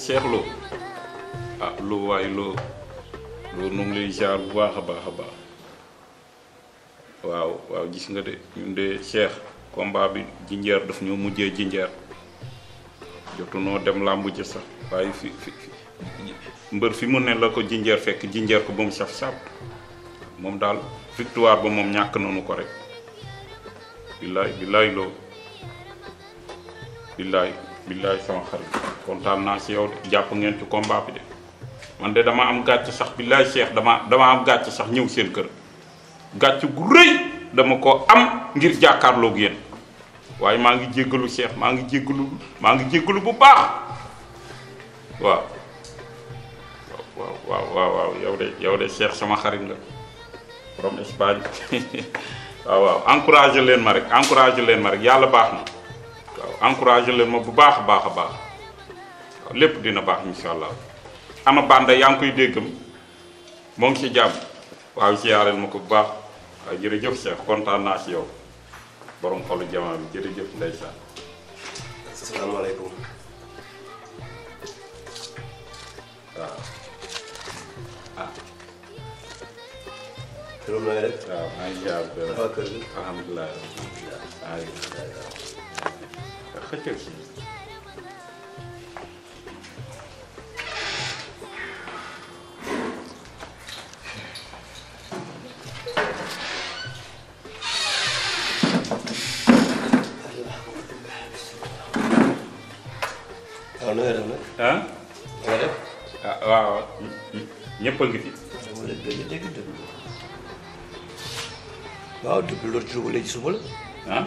Cheikh Lo ah Lo way Lo Lo nu ngi lay jaar bu baakha baakha baax a baax waaw waaw gis nga de ñun de Cheikh combat bi jinjer daf ñoo mujjé jinjer jotu noo dem lambu ci sax way fi fi mbeur fi mu ne la ko jinjer fekk jinjer ko bu mu saf saf mom dal victoire bu mom ñak nonu ko rek billahi billahi lo billahi billahi sama xarit kontan na ci yow de ngeen ci combat bi de man de dama am gatch sax billahi cheikh dama dama am gatch sax ñew seen kër gatch gu reuy dama ko am ngir wow, yeen wow, wow, ngi jéggelu cheikh ma ngi jéggelu ma ngi jéggelu bu baax waaw waaw waaw waaw waaw yow ya de yow ya de cheikh sama xarit nga from espagne waaw waaw encourager len ma rek encourager len ma rek yalla baax na encourager leen ma bu baax baax a baax lepp dina baax inshallah ama banda yang koy deggum mo ngi ci jamm waaw siyaareel ma ko bu baax jere jeuf Cheikh kontaan na ci yow borom xolu jamaa bi Terima kasih. Terima kasih. Terima kasih. Terima kasih. Terima kasih. Terima dikkat etsinizdir. Onu verelim. Ha? Verelim. Waaw. Ñëpp Ne ngi fi. Dama leen gën a dégg dëgg. Waaw dëgg loolu ci suba la. Ah.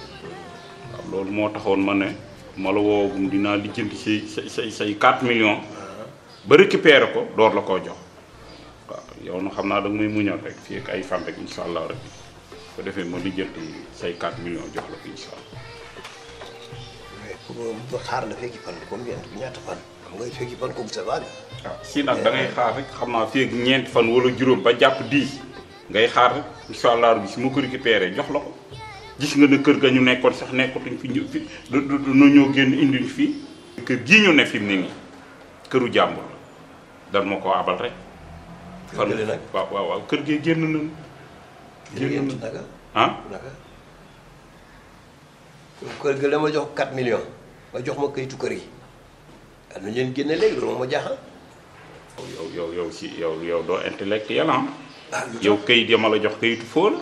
loolu moo taxoon ma ne ma la woowagum dinaa lijjanti say say say say 4 millions ba récupérer ko door la koo jox waaw yow na xam naa da nga may muñal fii ak ay fan allah rek ko defee ma lijjanti say 4 millions jox xaar ah, nag da ngay rek xam naa fii ak ñeenti fan wala juróom ba jàpp 10 ngay xaar rek incha allah bi si ma ko récupérer jox la ko. gis nga ne kër ga ñu nekkoon sax nekkatuñ fi ñu fi du du ñoo génn indiñ fii. kër gii ñu ne fi mu ne këru jàmbur dan ma koo abal rek. fan kër gi génn nañu. génn nañu naka. Ah? kër gi dama jox 4 millions nga jox ma kayitu kër gi am nañu leen génne léegi loolu moo jaaxal. yow yow yow si yow yow doo intellectuel ah. ah yow kayit ya ma jox kayitu fool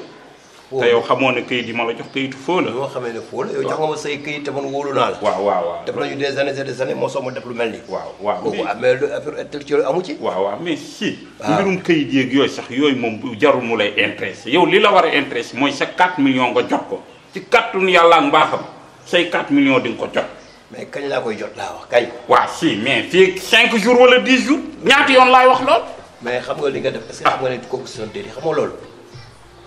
te yow xamoo ne kayit yi ma la jox kayitu foo la. yoo xamee ne foo la yow jox nga ma say kayit te man wóolu naa la. waaw waaw waaw def nañu des années et des années moo soog ma def lu mais si. Ah. yooyu sax yooyu moom jarul mu lay intéressé yow li la war a mooy sa 4 millions nga jot ko ci kàttanu yàlla ak mbaaxam say ko jot. mais kañ laa koy jot laa wax kañ. waaw mais fii 5 jours wala 10 jours ñaati yoon laay wax lool. mais xam nga li nga def est-ce que xam nga ne kooku si sa déedéet xamoo loolu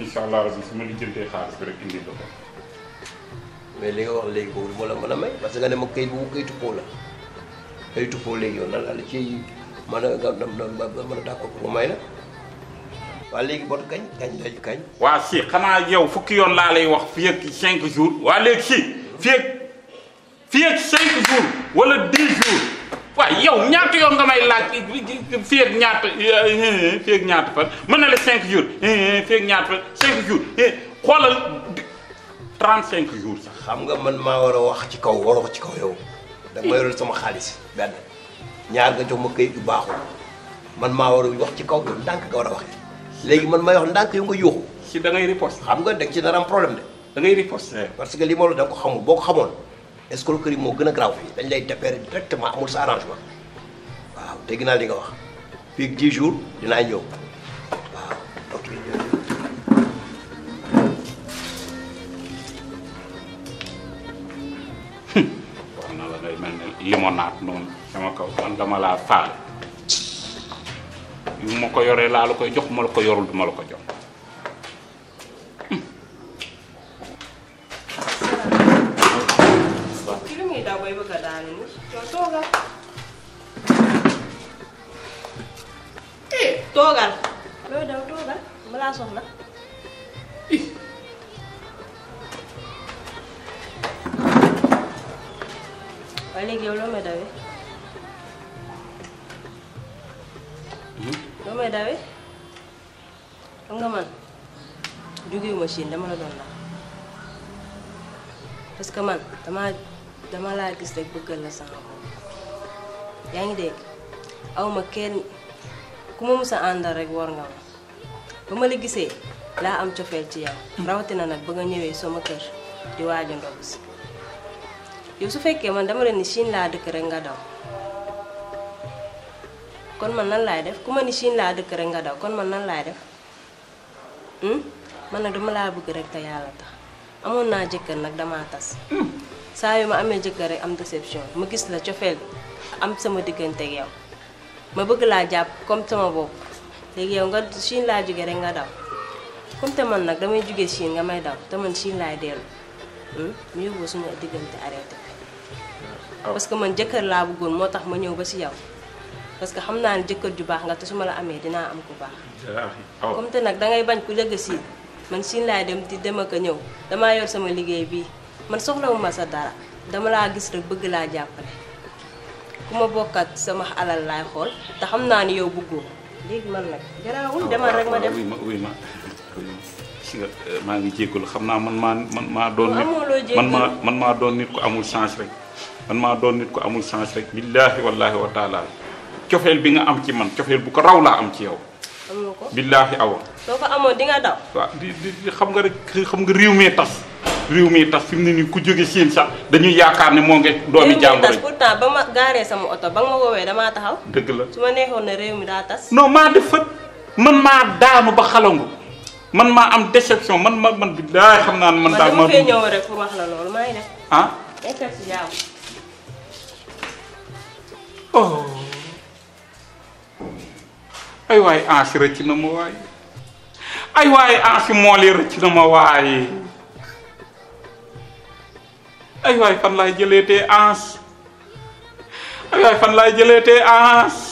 incha allah rabi su ma lijjantee xaalis bi rek indi la ko. mais li wax léegi boobu la mën a may parce que nga ne ma kay boobu kayitu Paul la kayitu Paul léegi yow nan la ci man a nga mën a d'accord pour may la waa léegi bot kañ kañ daj kañ. waa si xanaa yow fukki yoon laa lay wax fii ak cinq jours waa léegi si fii ak fii ak cinq jours wala dix jours. waaye yow ñaata yoon nga may laaj fii ak ñaata fii ak ñaata fan mën na la cinq jours fii ak ñaata fan cinq jours xoolal trente cinq jours sax xam nga man maa war a wax ci kaw waroo ci kaw yow da ma hmm. yoroon sama xaalis benn ñaar nga jox ma këyit yu baaxul man maa war a wax ci kaw yow ndànk war a waxee léegi man may wax ndànk yow nga yuuxu si da ngay riposte xam nga danga ci nar am problème de da ngay eh, parce que li ma la da nga ko xamul boo ko xamoon escroquerie moo gën a graaw fii dañ lay déférer directement amul sa arrangement waaw dégg naa li nga wax fii ak 10 na la day mel ne limonade noonu man dama laa faale yu ma ko yoree laa la koy jox ma la ko yorul duma la ko jox. damay bëgg a daanu toogal toogal looy daw toogal ma laa soxla waaye léegi yow loo may dawee loo may dawee xam nga man jógewu ma Chine doon la parce que man dama dama laa gis rek bëggal la sama bopp yaa ngi dégg awma kenn ku ma mës a àndal rek war nga ma ba ma la gisee laa am cofeel ci yow rawatina nag ba nga ñëwee sama kër di waaj a si yow su fekkee man dama la ni Chine laa dëkk rek nga daw kon man nan laay def ku ma ni Chine laa nga daw kon man nan laay def hmm? man na dama laa bëgg rek te yàlla tax amoon naa jëkkër nag damaa tas hmm. saa yu ma amee jëkkër rek am déception ma gis la cofeel am sama diggante ak ma bëgg laa jàpp comme sama bopp léegi yow nga Chine laa jóge rek nga daw comme te man nag damay jóge Chine nga may daw te man Chine laay dellu hmm? mu yóbbu suñu diggante arrêté ah. parce que man jëkkër laa bëggoon moo tax ma ñëw ba si yow parce que xam naa ne jëkkër ju baax nga te su ma la amee dinaa am ku baax ah. comme te nag dangay bañ ku jëgg Chine man Chine laay dem di dem ak ñëw damaa yor sama liggéey bii man soxlawuma sa dara dama laa gis rek bëgg laa jàppale ku ma bokkat sama alal lay xool te xam naa ni yow bëggoo léegi man nag garaawul demal rek ma dem oui ma oui ma euh, maa ngi jéggul xam naa man maa man maa doon nit man maa man maa doon nit ku amul chance rek man maa doon nit ku amul chance rek billahi wallahi wa taala cofeel bi nga am ci man cofeel bu ko raw laa am ci yow billahi awa soo ko amoon di nga daw waaw di di xam nga rek xam nga réew mee tas réew mi tax fi mu ne nii ku jóge siin sax dañuy yaakaar ne moo ngi doomi jàmbur pourtant ba ma gaaree sama oto ba ma woowee damaa taxaw. dëgg la su ma neexoon ne réew mi daa tas. non maa def fët man maa daanu ba xalangu man maa am déception man ma man bi daay xam naa ne man. daal ma fee ñëw rek maa ngi def. ah. Oh. ay waay ansi rëcc na ma waay ay waay ansi mool yi rëcc na ma waay. ay waay fan laay jëleetee ans ay waay fan laay jëleetee ans